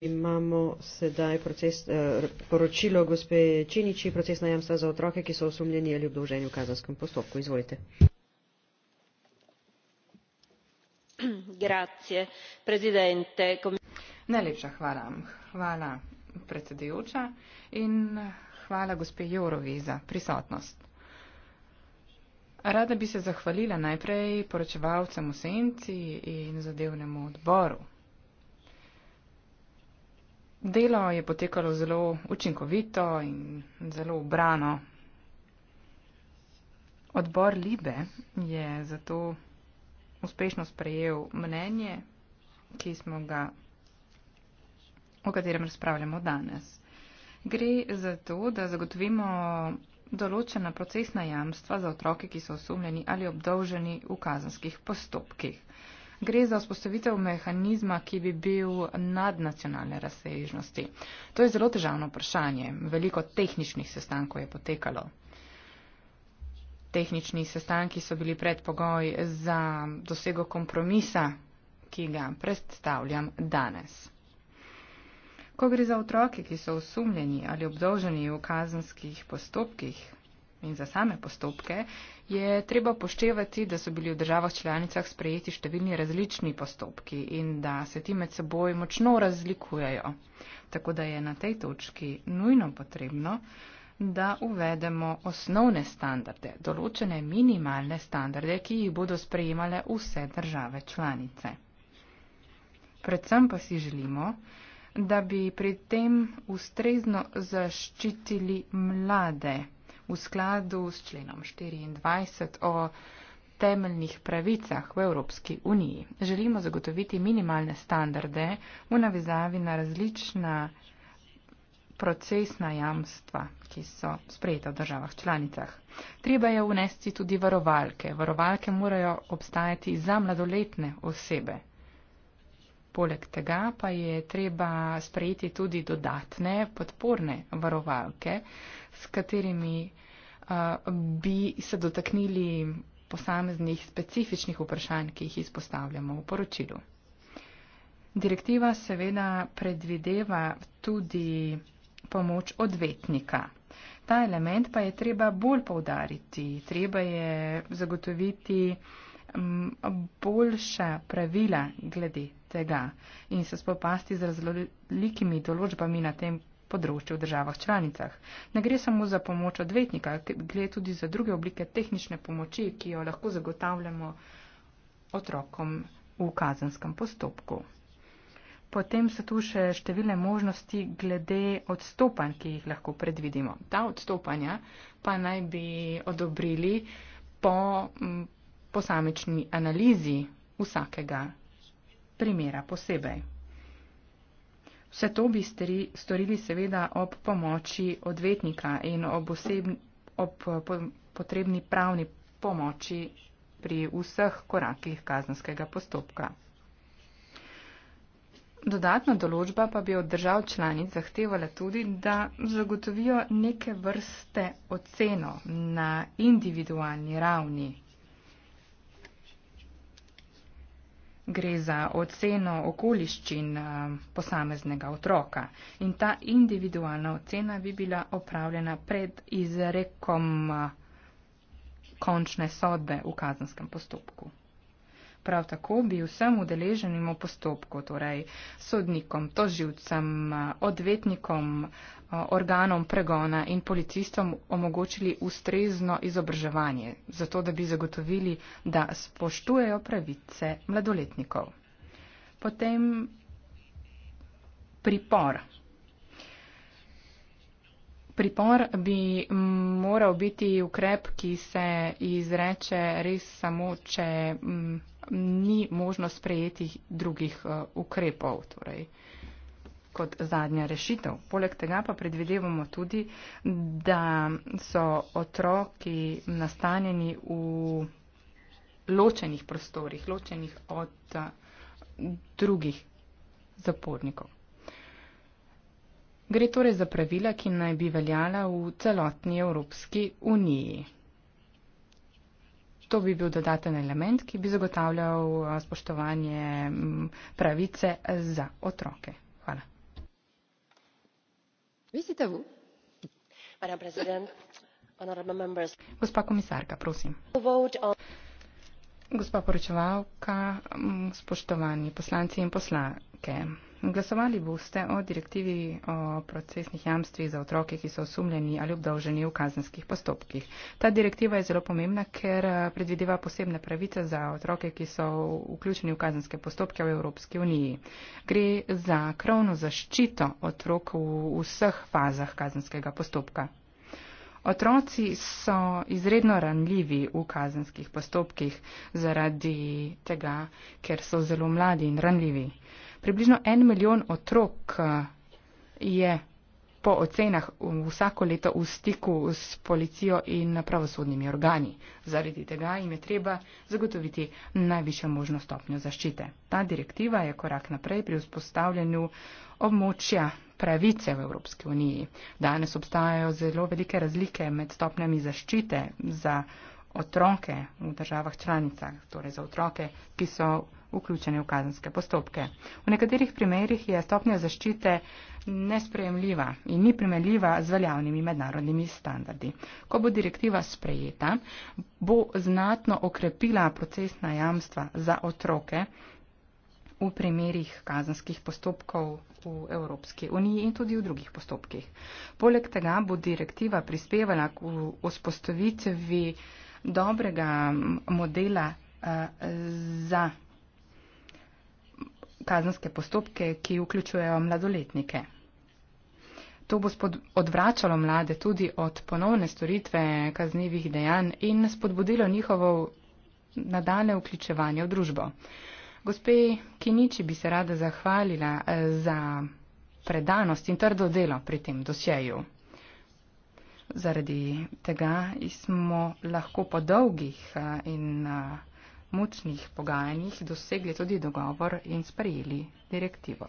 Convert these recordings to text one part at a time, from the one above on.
Imamo sedaj proces, eh, poročilo gospe Činiči, procesna jamstva za otroke, ki so osumljeni ali obdolženi v kazanskem postopku. Izvolite. Grazie, presidente. Najlepša hvala. Hvala, predsedujoča. In hvala gospe Jorovi za prisotnost. Rada bi se zahvalila najprej poročevalcem v senci in zadevnemu odboru Delo je potekalo zelo učinkovito in zelo ubrano. Odbor Libe je zato uspešno sprejel mnenje, ki smo ga, o katerem razpravljamo danes. Gre za to, da zagotovimo določena procesna jamstva za otroke, ki so osumljeni ali obdolženi v kazanskih postopkih gre za vzpostavitev mehanizma, ki bi bil nadnacionalne razsežnosti. To je zelo težavno vprašanje. Veliko tehničnih sestankov je potekalo. Tehnični sestanki so bili predpogoj za dosego kompromisa, ki ga predstavljam danes. Ko gre za otroke, ki so osumljeni ali obdolženi v kazenskih postopkih, in za same postopke, je treba poštevati, da so bili v državah članicah sprejeti številni različni postopki in da se ti med seboj močno razlikujejo. Tako da je na tej točki nujno potrebno, da uvedemo osnovne standarde, določene minimalne standarde, ki jih bodo sprejemale vse države članice. Predvsem pa si želimo, da bi pri tem ustrezno zaščitili mlade v skladu s členom 24 o temeljnih pravicah v Evropski uniji. Želimo zagotoviti minimalne standarde v navizavi na različna procesna jamstva, ki so sprejeta v državah članicah. Treba je unesti tudi varovalke. Varovalke morajo obstajati za mladoletne osebe. Poleg tega pa je treba sprejeti tudi dodatne podporne varovalke, s katerimi uh, bi se dotaknili posameznih specifičnih vprašanj, ki jih izpostavljamo v poročilu. Direktiva seveda predvideva tudi pomoč odvetnika. Ta element pa je treba bolj povdariti. Treba je zagotoviti boljša pravila glede tega in se spopasti z razlikimi določbami na tem področju v državah članicah. Ne gre samo za pomoč odvetnika, gre tudi za druge oblike tehnične pomoči, ki jo lahko zagotavljamo otrokom v kazenskem postopku. Potem so tu še številne možnosti glede odstopanj, ki jih lahko predvidimo. Ta odstopanja pa naj bi odobrili po posamični analizi vsakega primera posebej. Vse to bi storili seveda ob pomoči odvetnika in ob, osebni, ob potrebni pravni pomoči pri vseh korakih kazenskega postopka. Dodatna določba pa bi od držav članic zahtevala tudi, da zagotovijo neke vrste oceno na individualni ravni gre za oceno okoliščin eh, posameznega otroka. In ta individualna ocena bi bila opravljena pred izrekom eh, končne sodbe v kazenskem postopku. Prav tako bi vsem udeleženim v postopku, torej sodnikom, toživcem, eh, odvetnikom, Eh, organom pregona in policistom omogočili ustrezno izobraževanje, zato da bi zagotovili, da spoštujejo pravice mladoletnikov. Potem pripor. Pripor bi moral biti ukrep, ki se izreče res samo, če m, mm, ni možno sprejeti drugih uh, ukrepov. Torej. Uh, kot zadnja rešitev. Poleg tega pa predvidevamo tudi, da so otroki nastanjeni v ločenih prostorih, ločenih od eh, drugih zapornikov. Gre torej za pravila, ki naj bi veljala v celotni Evropski uniji. To bi bil dodaten element, ki bi zagotavljal eh, spoštovanje mm, pravice za otroke madam president honourable members gospa komisarka prosim gospa poročevalka mm, spoštovani poslanci in poslanke! Glasovali boste o direktivi o procesnih jamstvih za otroke, ki so osumljeni ali obdolženi v kazenskih postopkih. Ta direktiva je zelo pomembna, ker eh, predvideva posebne pravice za otroke, ki so vključeni v kazenske postopke v Evropski uniji. Gre za krovno zaščito otrok v vseh fazah kazenskega postopka. Otroci so izredno ranljivi v kazenskih postopkih zaradi tega, ker so zelo mladi in ranljivi. Približno en milijon otrok eh, je po ocenah vsako leto v stiku s policijo in pravosodnimi organi. Zaradi tega jim je treba zagotoviti najvišjo možno stopnjo zaščite. Ta direktiva je korak naprej pri vzpostavljanju območja pravice v Evropski uniji. Danes obstajajo zelo velike razlike med stopnjami zaščite za otroke v državah članicah, torej za otroke, ki so vključeni v kazenske postopke. V nekaterih primerjih je stopnja zaščite nesprejemljiva in ni primerljiva z veljavnimi mednarodnimi standardi. Ko bo direktiva sprejeta, bo znatno okrepila procesna jamstva za otroke v primerjih kazenskih postopkov v Evropski uniji in tudi v drugih postopkih. Poleg tega bo direktiva prispevala k vzpostavitvi dobrega modela eh, za kazenske postopke, ki vključujejo mladoletnike. To bo odvračalo mlade tudi od ponovne storitve kaznjivih dejanj in spodbudilo njihovo nadaljne vključevanje v družbo. Gospe Kiniči bi se rada zahvalila eh, za predanost in trdo delo pri tem dosjeju zaradi tega smo lahko po dolgih in močnih pogajanjih dosegli tudi dogovor in sprejeli direktivo.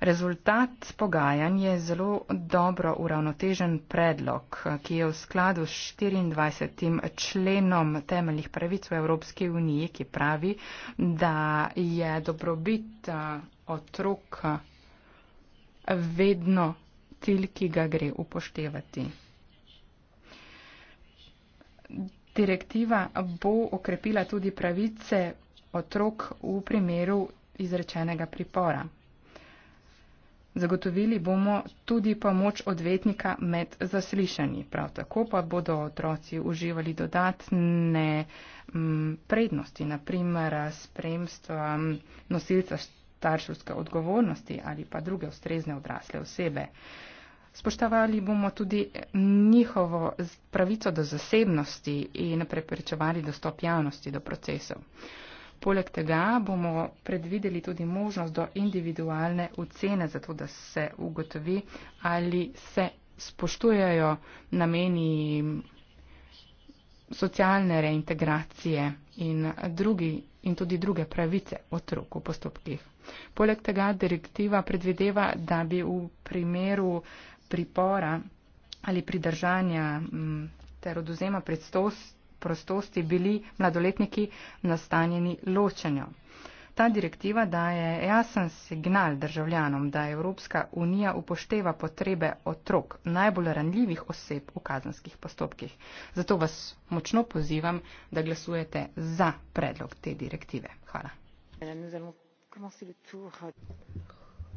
Rezultat pogajanj je zelo dobro uravnotežen predlog, ki je v skladu s 24. členom temeljnih pravic v Evropski uniji, ki pravi, da je dobrobit otrok vedno cilj, ki ga gre upoštevati. Direktiva bo okrepila tudi pravice otrok v primeru izrečenega pripora. Zagotovili bomo tudi pomoč odvetnika med zaslišanji, prav tako pa bodo otroci uživali dodatne mm, prednosti, naprimer spremstva mm, nosilca starševske odgovornosti ali pa druge ustrezne odrasle osebe spoštovali bomo tudi njihovo pravico do zasebnosti in preprečevali dostop javnosti do procesov. Poleg tega bomo predvideli tudi možnost do individualne ocene, zato da se ugotovi, ali se spoštujejo nameni socialne reintegracije in, drugi, in tudi druge pravice otrok v postopkih. Poleg tega direktiva predvideva, da bi v primeru pripora ali pridržanja mm, ter oduzema prostosti bili mladoletniki nastanjeni ločenjo. Ta direktiva daje jasen signal državljanom, da Evropska unija upošteva potrebe otrok najbolj ranljivih oseb v kazanskih postopkih. Zato vas močno pozivam, da glasujete za predlog te direktive. Hvala.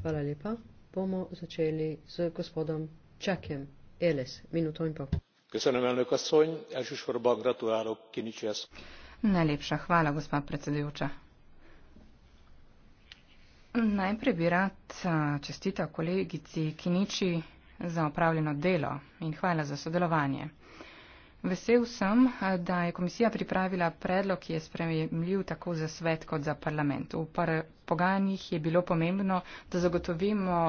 Hvala lepa bomo začeli z gospodom Čakjem. Eles, minuto in pol. Köszönöm, elnök asszony, elsősorban gratulálok Kinicsihez. Najlepša hvala, gospa predsedujoča. Najprej bi rad čestita kolegici Kinici za opravljeno delo in hvala za sodelovanje. Vesel sem, da je komisija pripravila predlog, ki je spremljiv tako za svet kot za parlament. V par pogajanjih je bilo pomembno, da zagotovimo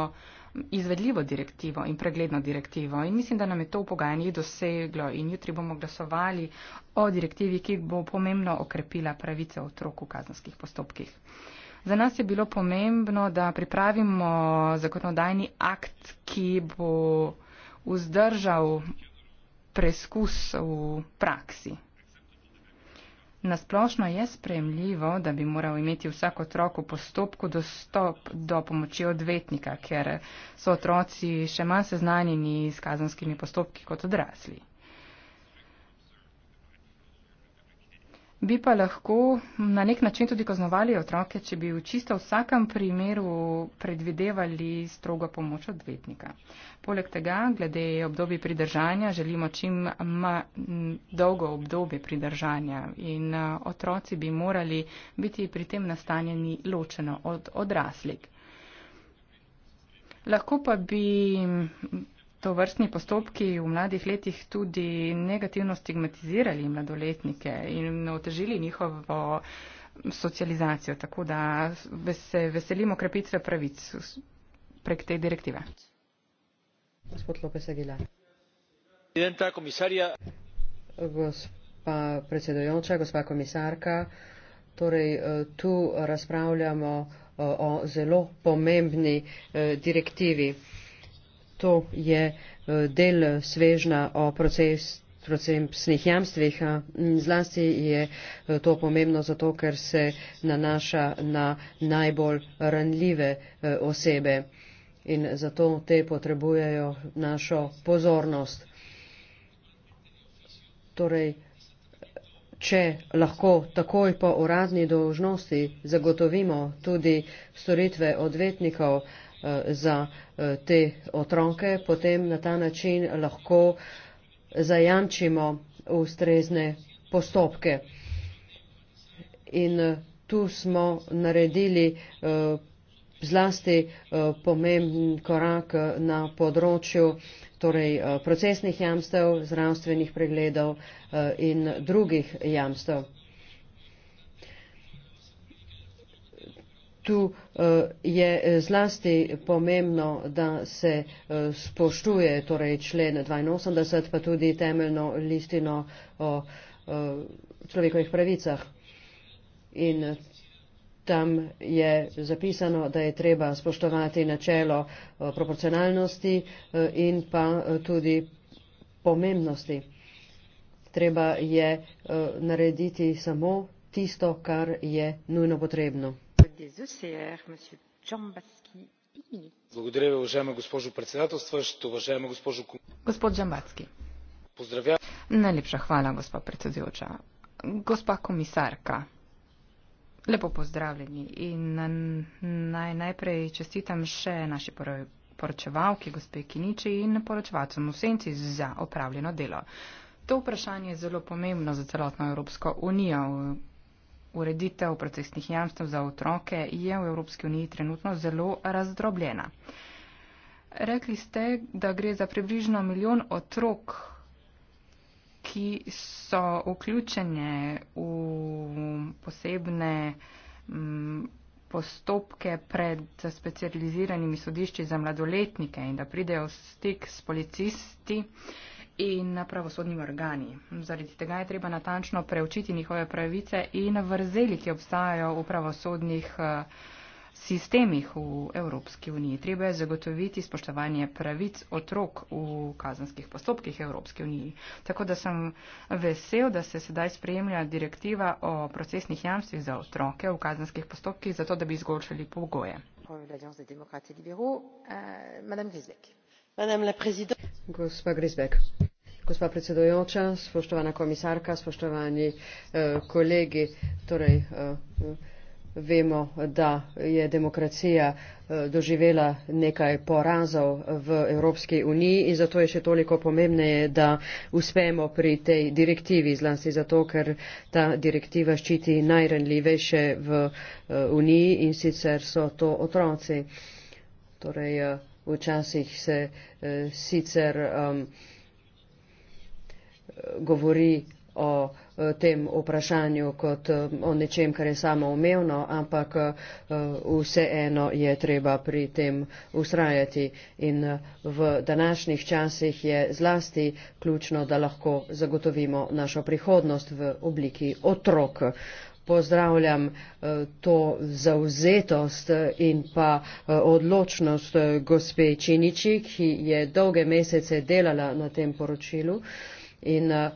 izvedljivo direktivo in pregledno direktivo. In mislim, da nam je to v pogajanjih doseglo in jutri bomo glasovali o direktivi, ki bo pomembno okrepila pravice otrok v kazanskih postopkih. Za nas je bilo pomembno, da pripravimo zakonodajni akt, ki bo vzdržal preskus v praksi. Nasplošno je sprejemljivo, da bi moral imeti vsak otrok v postopku dostop do pomoči odvetnika, ker so otroci še manj seznanjeni s kazanskimi postopki kot odrasli. bi pa lahko na nek način tudi kaznovali otroke, če bi v čisto vsakem primeru predvidevali strogo pomoč odvetnika. Poleg tega, glede obdobja pridržanja, želimo čim ma, m, dolgo obdobje pridržanja in a, otroci bi morali biti pri tem nastanjeni ločeno od odraslih. Lahko pa bi to vrstni postopki v mladih letih tudi negativno stigmatizirali mladoletnike in otežili njihovo socializacijo. Tako da se veselimo krepitve pravic prek te direktive. Gospod Lopes Aguilar. Presidenta, komisarja. Gospa predsedojoča, gospa komisarka. Torej, eh, tu razpravljamo eh, o zelo pomembni eh, direktivi to je eh, del eh, svežna o proces procesnih jamstvih. Mm, zlasti je eh, to pomembno zato, ker se nanaša na najbolj ranljive osebe in zato te potrebujejo našo pozornost. Torej, če lahko takoj po uradni dožnosti zagotovimo tudi storitve odvetnikov, Eh, za eh, te otroke, potem na ta način lahko zajamčimo ustrezne postopke. In eh, tu smo naredili zlasti pomemben korak na področju torej, procesnih jamstev, zdravstvenih pregledov in drugih jamstev. tu eh, je eh, zlasti pomembno, da se eh, spoštuje torej člen 82, pa tudi temeljno listino o človekovih pravicah. In tam je zapisano, da je treba spoštovati načelo proporcionalnosti in pa tudi pomembnosti. Treba je narediti samo tisto, kar je nujno potrebno. E благодаря ви уважаема госпожо председателстващ уважаема госпожо комисар господин джамбазки поздравявам. Najlepša hvala, gospa predsedujoča. Gospa komisarka, lepo pozdravljeni in naj najprej čestitam še naši poročevalki, gospe Kiniči in poročevalcem v senci za opravljeno delo. To vprašanje je zelo pomembno za celotno Evropsko unijo, Ureditev procesnih jamstv za otroke je v Evropski uniji trenutno zelo razdrobljena. Rekli ste, da gre za približno milijon otrok, ki so vključene v posebne mm, postopke pred specializiranimi sodišči za mladoletnike in da pridejo v stik s policisti. Uh, in pravosodnimi organi. Zaradi tega je treba natančno preučiti njihove pravice in vrzeli, ki obstajajo v pravosodnih eh, sistemih v Evropski uniji. Treba je zagotoviti spoštovanje pravic otrok v kazanskih postopkih Evropski uniji. Tako da sem vesel, da se sedaj spremlja direktiva o procesnih jamstvih za otroke v kazanskih postopkih, zato da bi izgoljšali pogoje. Gospa Grisbek. Gospa predsedojoča, spoštovana komisarka, spoštovani eh, kolegi, torej eh, vemo, da je demokracija eh, doživela nekaj porazov v Evropski uniji in zato je še toliko pomembneje, da uspemo pri tej direktivi, zlasti zato, ker ta direktiva ščiti najranljivejše v eh, uniji in sicer so to otroci. Torej, eh, včasih se eh, sicer. Eh, govori o eh, tem vprašanju kot eh, o nečem, kar je samoumevno, ampak eh, vseeno je treba pri tem ustrajati. In v današnjih časih je zlasti ključno, da lahko zagotovimo našo prihodnost v obliki otrok. Pozdravljam to zauzetost in pa odločnost gospe Činiči, ki je dolge mesece delala na tem poročilu in eh,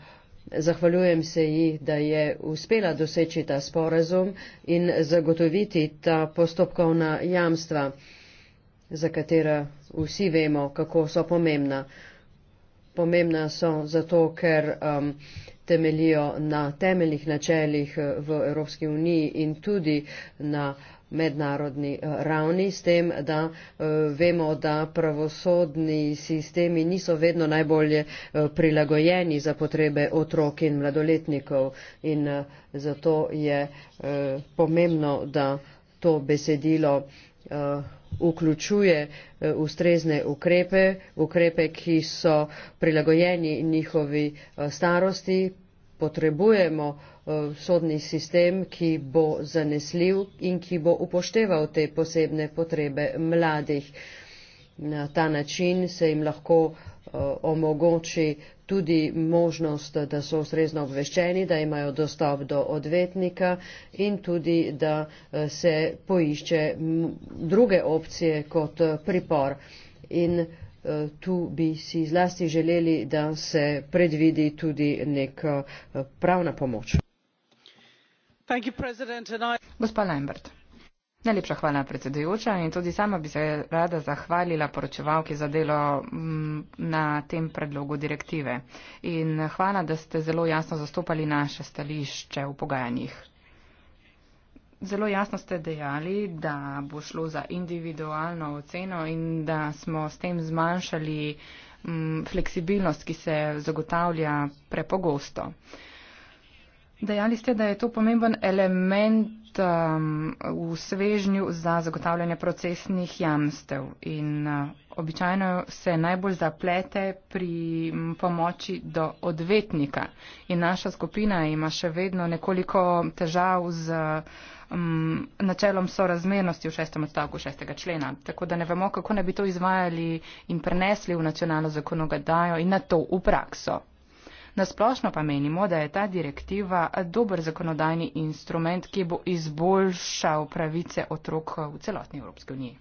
zahvaljujem se ji, da je uspela doseči ta sporazum in zagotoviti ta postopkovna jamstva, za katera vsi vemo, kako so pomembna. Pomembna so zato, ker um, temelijo na temeljih načeljih eh, v Evropski uniji in tudi na uh, mednarodni eh, ravni, s tem, da eh, vemo, da pravosodni sistemi niso vedno najbolje eh, prilagojeni za potrebe otrok in mladoletnikov in zato je pomembno, da to besedilo vključuje ustrezne ukrepe, ukrepe, ki so prilagojeni njihovi starosti, potrebujemo Eh, sodni sistem, ki bo zanesljiv in ki bo upošteval te posebne potrebe mladih. Na ta način se jim lahko eh, omogoči tudi možnost, da so ustrezno obveščeni, da imajo dostop do odvetnika in tudi, da eh, se poišče druge opcije kot pripor. In tu bi si zlasti želeli, da se predvidi tudi neka pravna pomoč. Gospa Lambert. Najlepša hvala, predsedujoča, in tudi sama bi se rada zahvalila poročevalki za delo mm, na tem predlogu direktive. In hvala, da ste zelo jasno zastopali naše stališče v pogajanjih. Zelo jasno ste dejali, da bo šlo za individualno oceno in da smo s tem zmanjšali mm, fleksibilnost, ki se zagotavlja prepogosto. Dejali ste, da je to pomemben element um, v svežnju za zagotavljanje procesnih jamstev in uh, običajno se najbolj zaplete pri pomoči do odvetnika. In naša skupina ima še vedno nekoliko težav z um, načelom sorazmernosti v šestem odstavku šestega člena. Tako da ne vemo, kako ne bi to izvajali in prenesli v nacionalno zakonodajo in na to v prakso. Nasplošno pa menimo, da je ta direktiva dober zakonodajni instrument, ki bo izboljšal pravice otrok v celotni Evropski uniji.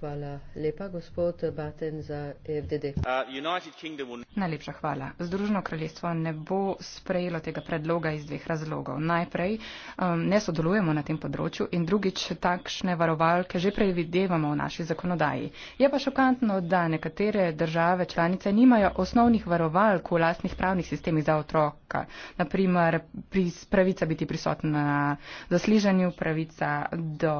Hvala lepa, gospod Baten, za FDD. Uh, Najlepša hvala. Združeno kraljestvo ne bo sprejelo tega predloga iz dveh razlogov. Najprej um, ne sodelujemo na tem področju in drugič takšne varovalke že predvidevamo v naši zakonodaji. Je pa šokantno, da nekatere države članice nimajo osnovnih varovalk, varovalk v lastnih pravnih sistemih za otroka. Naprimer, pravica biti prisotna na zasliženju, pravica do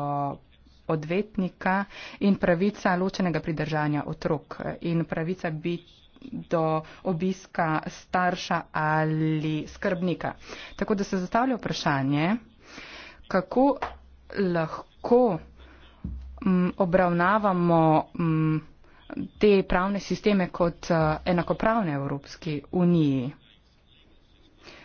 odvetnika in pravica ločenega pridržanja otrok in pravica biti do obiska starša ali skrbnika. Tako da se zastavlja vprašanje, kako lahko obravnavamo te pravne sisteme kot eh, enakopravne Evropski uniji.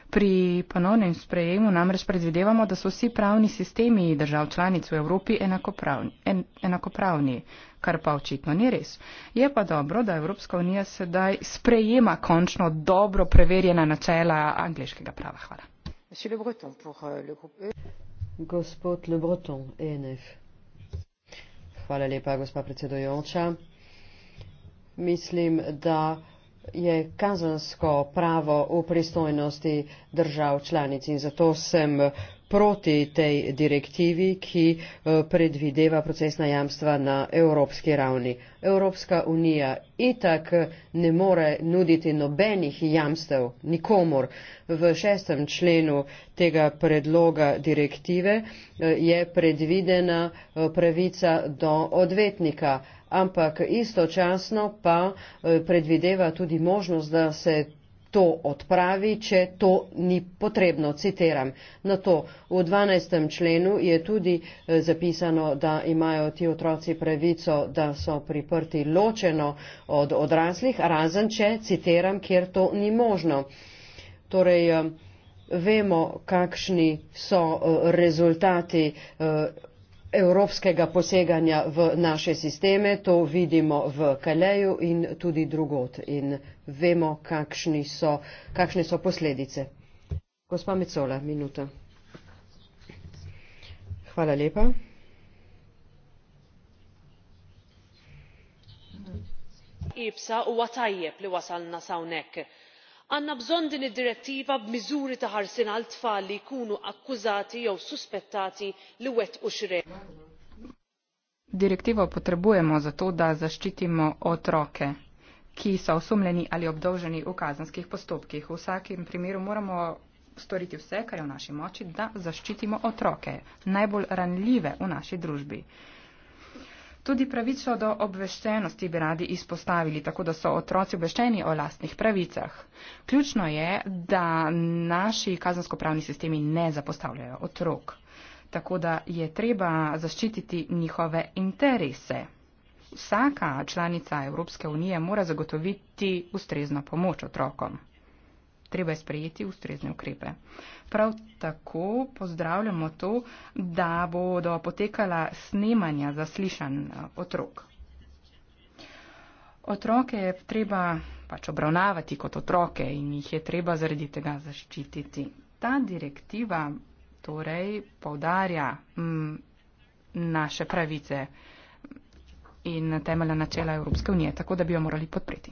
Pri ponovnem sprejemu namreč predvidevamo, da so vsi pravni sistemi držav članic v Evropi enakopravni, en, enakopravni, kar pa očitno ni res. Je pa dobro, da Evropska unija sedaj sprejema končno dobro preverjena načela angliškega prava. Hvala. Le Breton, pour, uh, le groupe... E. Gospod Le Breton, ENF. Hvala lepa, gospa predsedojoča mislim, da je kazansko pravo v pristojnosti držav članic in zato sem proti tej direktivi, ki eh, predvideva procesna jamstva na evropski ravni. Evropska unija itak ne more nuditi nobenih jamstev nikomor. V šestem členu tega predloga direktive eh, je predvidena eh, pravica do odvetnika ampak istočasno pa eh, predvideva tudi možnost, da se to odpravi, če to ni potrebno. Citeram. Na to v 12. členu je tudi eh, zapisano, da imajo ti otroci pravico, da so priprti ločeno od odraslih, razen če, citeram, kjer to ni možno. Torej, eh, vemo, kakšni so rezultati evropskega poseganja v naše sisteme, to vidimo v Kaleju in tudi drugot in vemo, kakšne so, kakšne so posledice. Gospa Mecola, minuta. Hvala lepa. Ibsa u għatajjeb li wasalna sawnek għandna bżonn din id-direttiva b'miżuri ta' ħarsien għal tfal li jkunu akkużati jew suspettati li wettqu xrek. Direktivo potrebujemo zato, da zaščitimo otroke, ki so osumljeni ali obdolženi v kazanskih postopkih. V vsakem primeru moramo storiti vse, kar je v naši moči, da zaščitimo otroke, najbolj ranljive v naši družbi. Tudi pravico do obveščenosti bi radi izpostavili, tako da so otroci obveščeni o lastnih pravicah. Ključno je, da naši kazansko-pravni sistemi ne zapostavljajo otrok, tako da je treba zaščititi njihove interese. Vsaka članica Evropske unije mora zagotoviti ustrezno pomoč otrokom treba je sprejeti ustrezne ukrepe. Prav tako pozdravljamo to, da bodo potekala snemanja zaslišan eh, otrok. Otroke je treba pač obravnavati kot otroke in jih je treba zaradi tega zaščititi. Ta direktiva torej povdarja m, mm, naše pravice in temeljna načela Evropske unije, tako da bi jo morali podpreti.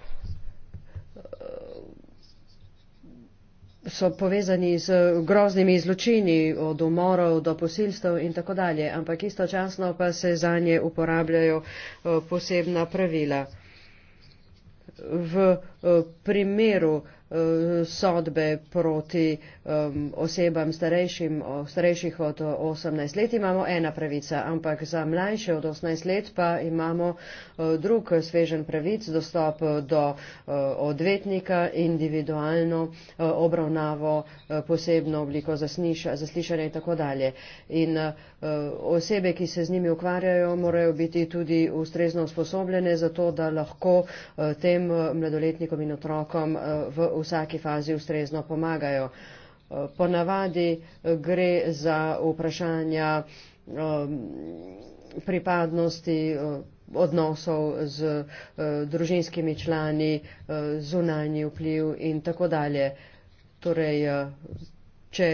so povezani z groznimi zločini, od umorov do posilstev in tako dalje, ampak istočasno pa se za nje uporabljajo eh, posebna pravila. V eh, primeru Eh, sodbe proti um, osebam starejšim, starejših od 18 let imamo ena pravica, ampak za mlajše od 18 let pa imamo uh, drug svežen pravic, dostop eh, do uh, odvetnika, individualno uh, obravnavo, uh, posebno obliko zasniša, zaslišanja in tako dalje. In uh, osebe, ki se z njimi ukvarjajo, morajo biti tudi ustrezno usposobljene za to, da lahko uh, tem mladoletnikom in otrokom uh, v vsaki fazi ustrezno pomagajo. Ponavadi gre za vprašanja um, pripadnosti um, odnosov z uh, družinskimi člani, uh, zunanji vpliv in tako dalje. Torej, uh, če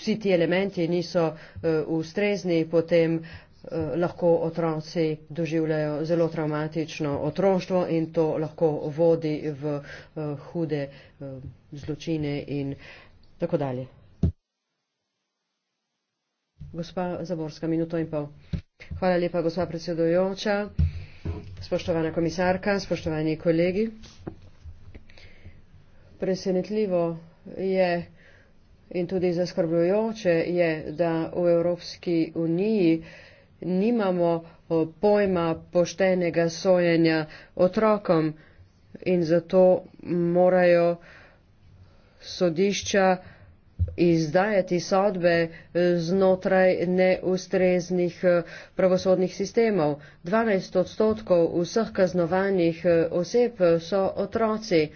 vsi ti elementi niso ustrezni, potem Eh, lahko otroci doživljajo zelo traumatično otroštvo in to lahko vodi v eh, hude eh, zločine in tako dalje. Gospa Zaborska, minuto in pol. Hvala lepa, gospa predsedujoča, spoštovana komisarka, spoštovani kolegi. Presenetljivo je in tudi zaskrbljujoče je, da v Evropski uniji uh, nimamo pojma poštenega sojenja otrokom in zato morajo sodišča izdajati sodbe znotraj neustreznih pravosodnih sistemov. 12 odstotkov vseh kaznovanih oseb so otroci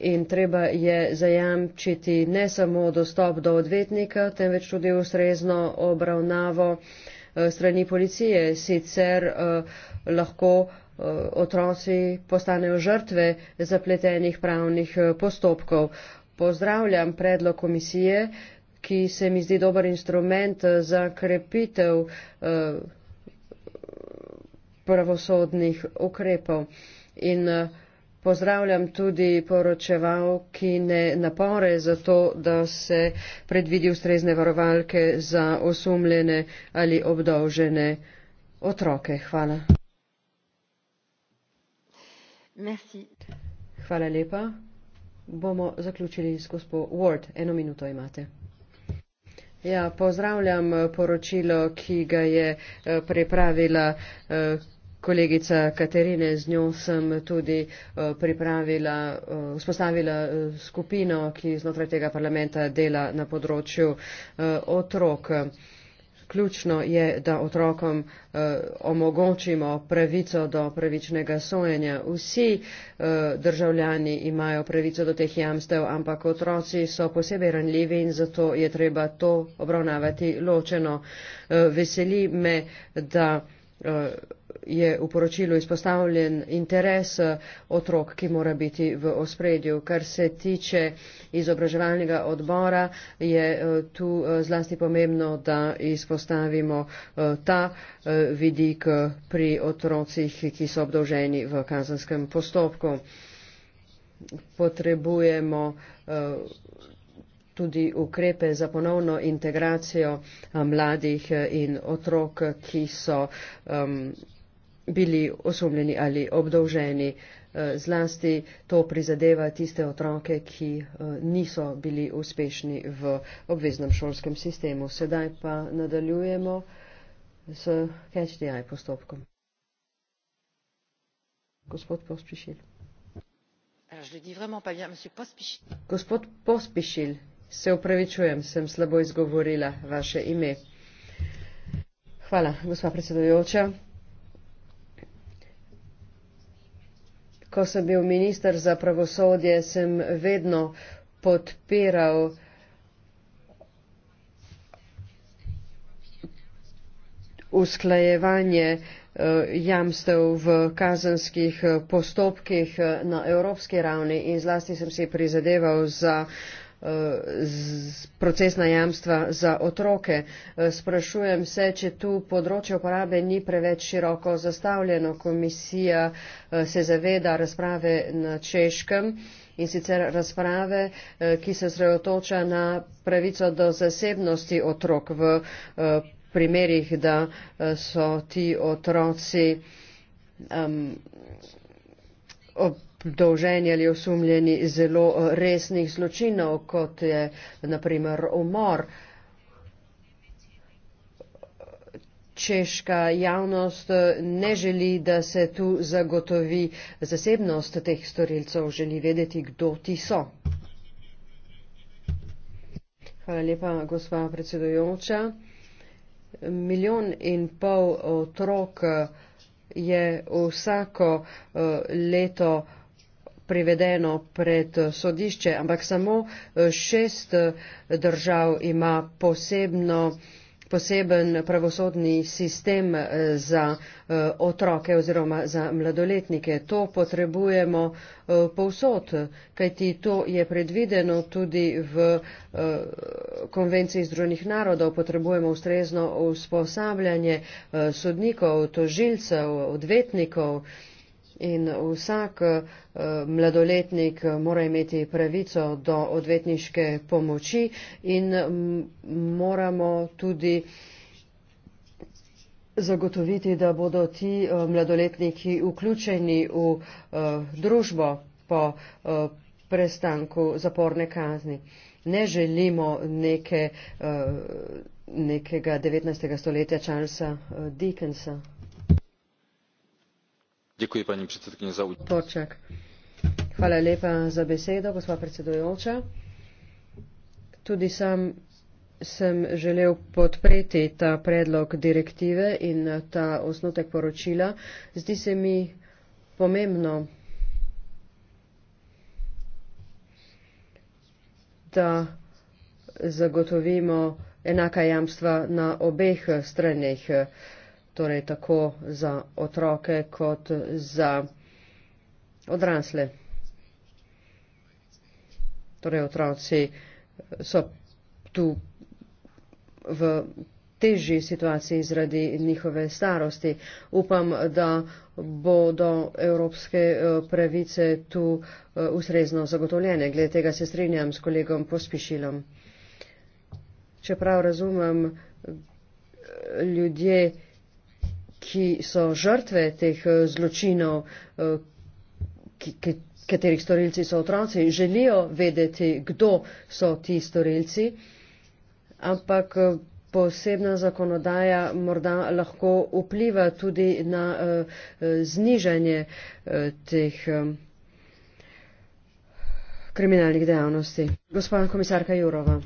in treba je zajamčiti ne samo dostop do odvetnika, temveč tudi ustrezno obravnavo eh, strani policije. Sicer uh, lahko uh, otroci postanejo žrtve zapletenih pravnih postopkov. Pozdravljam predlog komisije, ki se mi zdi dober instrument za krepitev uh, pravosodnih ukrepov. In, uh, Pozdravljam tudi poročevalkine napore za to, da se predvidi ustrezne varovalke za osumljene ali obdolžene otroke. Hvala. Merci. Hvala lepa. Bomo zaključili s gospod Ward. Eno minuto imate. Ja, pozdravljam poročilo, ki ga je eh, pripravila eh, kolegica Katerine, z njo sem tudi eh, pripravila, eh, vzpostavila eh, skupino, ki znotraj tega parlamenta dela na področju otrok. Ključno je, da otrokom omogočimo pravico do pravičnega sojenja. Vsi državljani imajo pravico do teh jamstev, ampak otroci so posebej ranljivi in zato je treba to obravnavati ločeno. Veseli me, da. Eh, je v poročilu izpostavljen interes eh, otrok, ki mora biti v ospredju. Kar se tiče izobraževalnega odbora, je eh, tu zlasti pomembno, da izpostavimo ta vidik pri otrocih, ki so obdolženi v kazanskem postopku. Potrebujemo tudi ukrepe za ponovno integracijo eh, mladih eh, in otrok, ki so um, bili osumljeni ali obdolženi. Eh, zlasti to prizadeva tiste otroke, ki niso bili uspešni v obveznem šolskem sistemu. Sedaj pa nadaljujemo s HDI postopkom. Gospod Pospišil. Gospod Pospišil. Se upravičujem, sem slabo izgovorila vaše ime. Hvala, gospa predsedujoča. Ko sem bil minister za pravosodje, sem vedno podpiral usklajevanje eh, jamstev v kazenskih eh, postopkih eh, na evropski ravni in zlasti sem si prizadeval za procesna jamstva za otroke. E, sprašujem se, če tu področje uporabe ni preveč široko zastavljeno. Komisija e, se zaveda razprave na češkem in sicer razprave, e, ki se sreotoča na pravico do zasebnosti otrok v primerih, da so ti otroci um, dolženi ali osumljeni zelo eh, resnih zločinov, kot je naprimer umor. Češka javnost eh, ne želi, da se tu zagotovi zasebnost teh storilcev, želi vedeti, kdo ti so. Hvala lepa, gospa predsedujoča. Milijon in pol otrok eh, je vsako leto privedeno pred eh, sodišče, ampak samo eh, šest eh, držav ima posebno, poseben pravosodni sistem za otroke oziroma za mladoletnike. To potrebujemo povsod, kajti to je predvideno tudi v konvenciji Združenih narodov. Potrebujemo ustrezno usposabljanje sodnikov, tožilcev, odvetnikov. In vsak eh, mladoletnik mora imeti pravico do odvetniške pomoči in mm, moramo tudi zagotoviti, da bodo ti eh, mladoletniki vključeni v eh, družbo po prestanku zaporne kazni. Ne želimo neke, nekega 19. stoletja Charlesa Dickensa. Děkuji, paní předsedkyně, za Poček. Hvala lepa za besedo, gospa predsedujoča. Tudi sam sem želel podpreti ta predlog direktive in ta osnutek poročila. Zdi se mi pomembno, da zagotovimo enaka jamstva na obeh straneh torej tako za otroke kot za odrasle. Torej otroci so tu v težji situaciji zradi njihove starosti. Upam, da bodo evropske eh, pravice tu eh, ustrezno zagotovljene. Glede tega se strinjam s kolegom Pospišilom. Čeprav razumem, eh, ljudje ki so žrtve teh eh, zločinov, eh, ki, katerih storilci so otroci, želijo vedeti, kdo so ti storilci, ampak eh, posebna zakonodaja morda lahko vpliva tudi na znižanje teh kriminalnih dejavnosti. Gospa komisarka Jurova.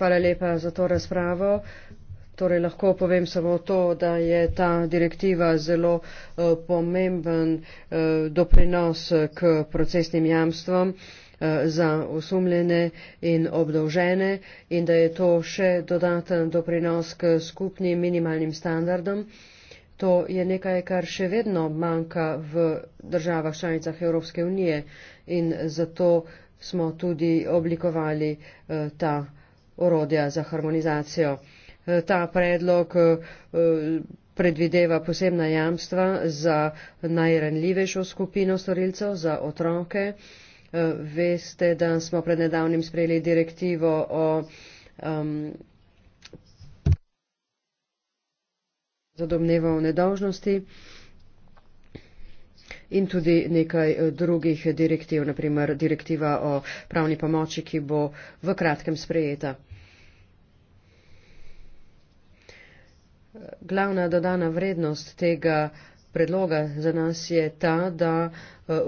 Hvala lepa za to razpravo. Torej lahko povem samo to, da je ta direktiva zelo eh, pomemben eh, doprinos k procesnim jamstvom eh, za osumljene in obdolžene in da je to še dodaten doprinos k skupnim minimalnim standardom. To je nekaj, kar še vedno manjka v državah članicah Evropske unije in zato smo tudi oblikovali ta orodja za harmonizacijo ta predlog eh, predvideva posebna jamstva za najranljivejšo skupino storilcev, za otroke. Eh, veste, da smo pred nedavnim sprejeli direktivo o. Um, zadomneva o nedožnosti in tudi nekaj eh, drugih direktiv, naprimer direktiva o pravni pomoči, ki bo v kratkem sprejeta. Glavna dodana vrednost tega predloga za nas je ta, da eh,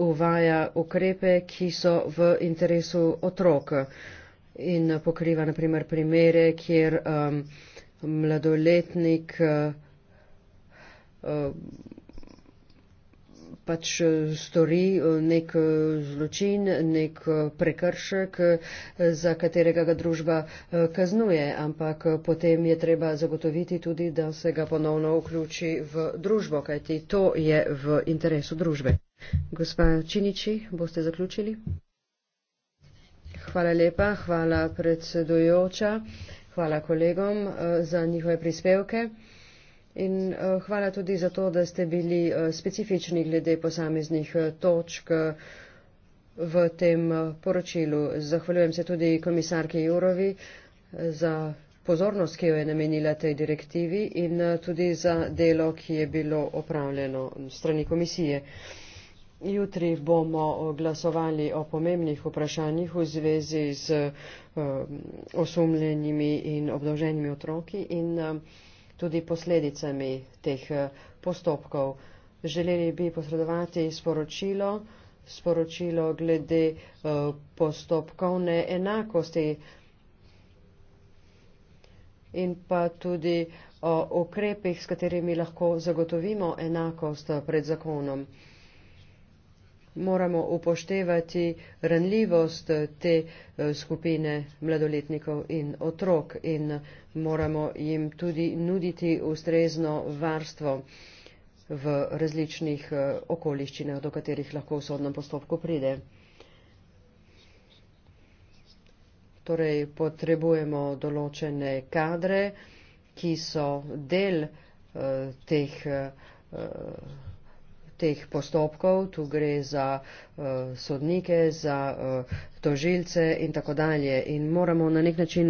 uvaja ukrepe, ki so v interesu otrok in eh, pokriva naprimer primere, kjer um, mladoletnik um, pač eh, stori eh, nek eh, zločin, nek prekršek, za katerega ga družba kaznuje, ampak potem je treba zagotoviti tudi, da se ga ponovno vključi v družbo, kajti to je v interesu družbe. Gospa Činiči, boste zaključili? Hvala lepa, hvala predsedujoča, hvala kolegom za njihove prispevke. In eh, hvala tudi za to, da ste bili eh, specifični glede posameznih eh, točk v tem poročilu. Zahvaljujem se tudi komisarki Jurovi za pozornost, ki jo je namenila tej direktivi in tudi za delo, ki je bilo opravljeno strani komisije. Jutri bomo glasovali o pomembnih vprašanjih v zvezi z osumljenimi in obdolženimi otroki in uh, tudi posledicami teh eh, postopkov. Želeli bi posredovati sporočilo, sporočilo glede eh, postopkovne enakosti in pa tudi eh, o ukrepih, s katerimi lahko zagotovimo enakost pred zakonom moramo upoštevati ranljivost te eh, skupine mladoletnikov in otrok in moramo jim tudi nuditi ustrezno varstvo v različnih eh, okoliščinah, do katerih lahko v sodnem postopku pride. Torej, potrebujemo določene kadre, ki so del uh, teh uh, teh postopkov, tu gre za uh, sodnike, za uh, tožilce in tako dalje. In moramo na nek način